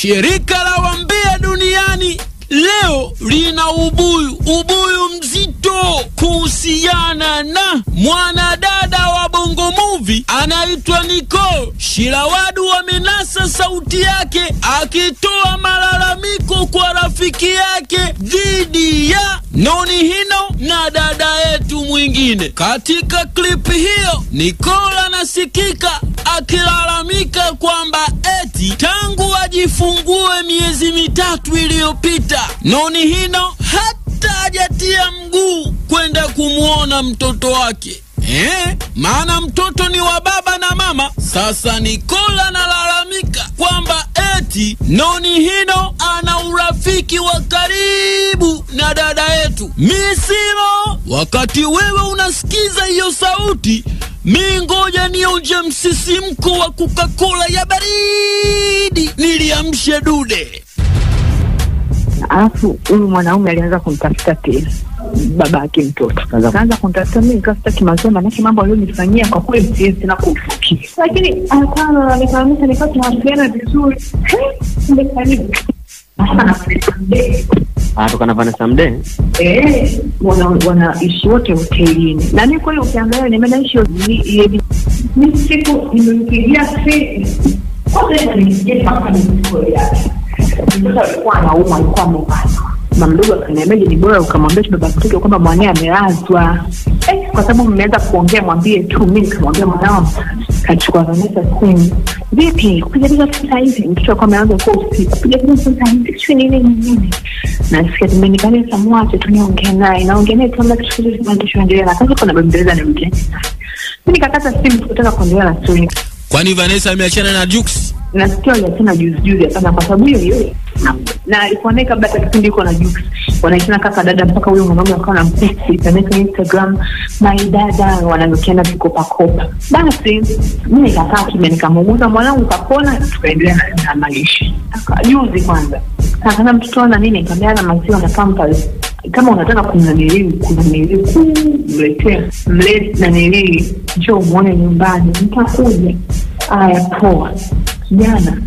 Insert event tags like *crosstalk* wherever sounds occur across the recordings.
Shirika la wambea duniani leo lina ubuyu ubuyu mzito kuhusiana na mwanadada wa Bongo Movie anaitwa niko Shirawadu. Wamenasa sauti yake akitoa malalamiko kwa rafiki yake dhidi ya Noni Hino na dada yetu mwingine. Katika klipi hiyo, nikola anasikika akilalamika kwamba eti tangu wajifungue miezi mitatu iliyopita noni hino hata hajatia mguu kwenda kumwona mtoto wake. Eh, maana mtoto ni wa baba na mama. Sasa Nikola analalamika kwamba eti noni hino ana urafiki wa karibu na dada yetu Misilo. Wakati wewe unasikiza hiyo sauti mingoja nionje msisimko wa coca ya baridi, niliamshe dude. Alafu huyu mwanaume alianza kumtafuta tena babake mtoto, kaanza kunitafuta mimi, nikastaki mazee, manake mambo alionifanyia kwa kweli siwezi tena kufikia, lakini hapana, nikaamka nikawa tunawasiliana vizuri Atoka ah, na Vanessa Mde eh, wana wanaishi wote hotelini, na mimi kweli, ukiangalia nimenaishi ni siku nimempigia simu kwanza, nilimpigia mpaka nilimpigia yake mtoto alikuwa anaumwa, alikuwa amepata mama mdogo akaniambia, ni bora ukamwambia tu baba mtoto kwamba mwanae amelazwa, eh, kwa sababu mmeweza kuongea, mwambie tu. Mimi nikamwambia mwanao kachukua Vanessa simu, vipi kuja piga picha hivi, mtoto akawa ameanza kuwa usiku, piga piga picha hivi, sio nini nini. Nasikia tumbeni kale samwache, tuniongee naye, naongea naye tuambia kitu kizuri kama kinachoendelea, na kaza kuna bembeleza ni mgeni. Mimi nikakata simu, sikutaka kuendelea na story. Kwani Vanessa ameachana na Jux? Nasikia aliachana juzi juzi hapana, kwa sababu hiyo hiyo na alikuwa naye kabla hata kipindi iko na Jux wanaitana kaka dada, mpaka huyo mwanaume akawa na mpesi pameka Instagram my dada, wananukiana vikopakopa. Basi mi nikakaa kimya, nikamuuguza mwanangu, kapona, tukaendelea na maisha. Juzi kwanza akana mtoto ana nini, nikamwambia na maziwa na pampers kama unataka kunanilii kunanilii kumletea mle nanilii, njoo umwone nyumbani, nitakuja. Aya, poa. Kijana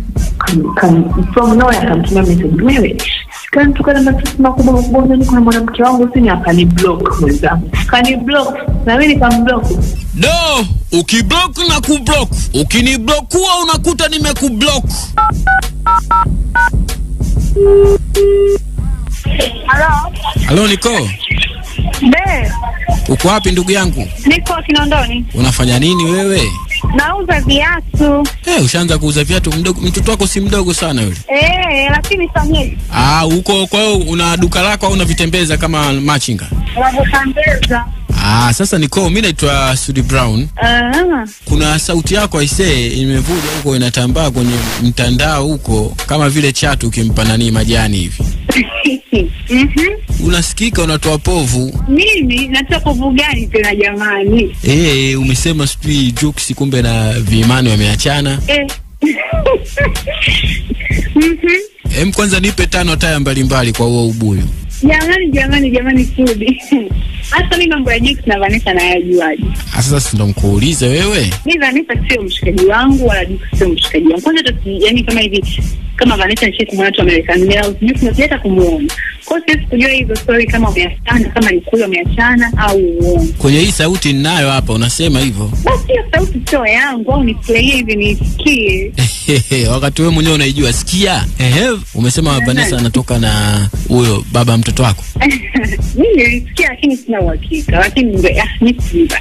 from nowhere akamtumia message, wewe kantukana matusi makubwa makubwa. mwanamke wangu akani block mwenzangu, kani block na mimi nikamblock. No, ukiblock na kublock, ukiniblock huwa unakuta nimekublock. Halo, halo, niko Be. Uko wapi ndugu yangu? Niko Kinondoni. Unafanya nini wewe? Nauza viatu. Eh, hey, ushaanza kuuza viatu mdogo? Mtoto wako si mdogo sana yule. Eh, Eh, lakini sanyeji. Ah, huko kwa hiyo una duka lako au unavitembeza kama machinga? Unavitembeza. Ah, sasa niko mimi naitwa Sudi Brown. Uh -huh. Kuna sauti yako aisee imevuja huko inatambaa kwenye mtandao huko kama vile chatu ukimpa nani majani hivi. *laughs* Mhm. Unasikika unatoa povu. Mimi natoa povu gani tena jamani? Eh, umesema sijui jokes kumbe na viimani wameachana. Eh mm Hem, kwanza nipe tano taya mbalimbali kwa huo ubuyu. Jamani, jamani, jamani, kudi hasa mi mambo ya Jux na Vanessa nayajuaje? Ah, sasa si ndo mkuulize wewe. Mi Vanessa sio mshikaji wangu wala Jux sio mshikaji wangu. Kwanza yani, kama hivi kama Vanessa Nchiki kama watu wa American Males News tunazileta kumuona. Kwa hiyo siwezi kujua hizo story kama umeachana, kama ni kweli umeachana au uongo. Kwenye hii sauti ninayo hapa unasema hivyo. Basi hiyo sauti sio yangu au ni play hivi nisikie. *laughs* Wakati wewe mwenyewe unaijua sikia. Ehe, umesema Vanessa anatoka na huyo baba mtoto wako. *laughs* Mimi nilisikia lakini sina uhakika, lakini ah, nisikiza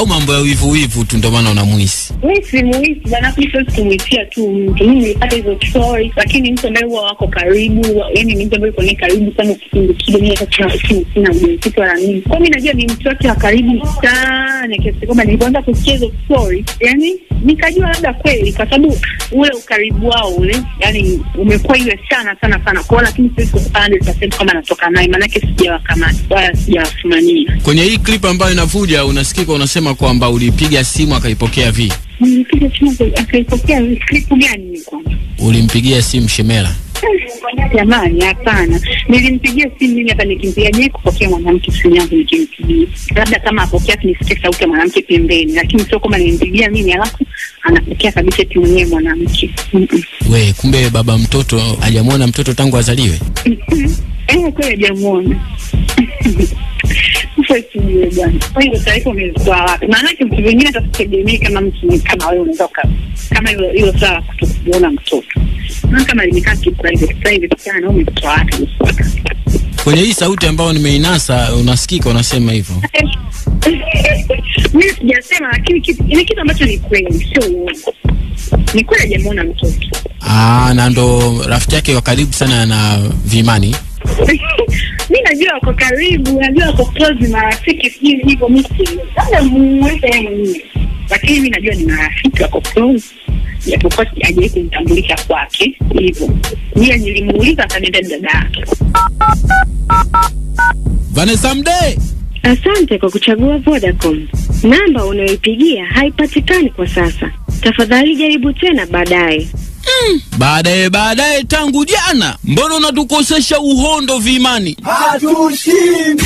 au mambo ya wivu wivu tu, ndio maana unamwisi? Mimi si mwisi bana siwezi kumwitia tu mtu. Mimi nilipata hizo story lakini mtu ambaye huwa wako karibu, yani mtu ambaye yuko ni karibu sana, kipindi kile mimi hata sina mwitikio wala nini, kwa mimi najua ni mtu wake wa karibu sana, kiasi kwamba nilipoanza kusikia hizo story yani nikajua labda kweli, kwa sababu ule ukaribu wao ule, eh, yani umekuwa ile sana sana sana kwao, lakini siwezi kusema 100% kama natoka naye, maanake sijawakamata wala sijawafumania. Kwenye hii clip ambayo inavuja, unasikika unasema kwamba ulipiga simu akaipokea vi nilipiga simu akaipokea. Clip gani? Ni kwamba ulimpigia simu Shemela *laughs* Jamani, hapana, nilimpigia simu mimi hapa, je kupokea mwanamke simu yangu, nikimpigia labda kama apokea, sauti ya mwanamke pembeni, lakini sio kama nilimpigia mimi alafu anapokea kabisa eti mwenyewe mwanamke. We, kumbe baba mtoto hajamwona mtoto tangu azaliwe? Mm-hmm. Eh, kweli hajamwona. *laughs* hiyo Maanake mtu mwingine kama mtu kama wewe, unaweza kama kutokuona mtoto na kama limekaa ki private private sana au mtoto wake kwenye hii sauti ambayo nimeinasa, unasikika unasema hivyo. Mimi sijasema, lakini ni kitu ambacho ni kweli, sio uongo. Ni kweli hajamuona mtoto. Ah, na ndo rafiki yake wa karibu sana na Vimani. Mimi *laughs* najua wako karibu, najua wako close marafiki, sijui hivyo mimi. Labda muweze yeye mwenyewe, lakini mimi najua ni marafiki wako close japokuwa hajawahi kumtambulisha kwake. Hivyo mie nilimuuliza, akaniambia ni dada yake. Vanessa Mdee, asante kwa kuchagua Vodacom. Namba unayoipigia haipatikani kwa sasa, tafadhali jaribu tena baadaye. Mm. baadaye baadaye, tangu jana, mbona unatukosesha uhondo vimani? Hatushindi.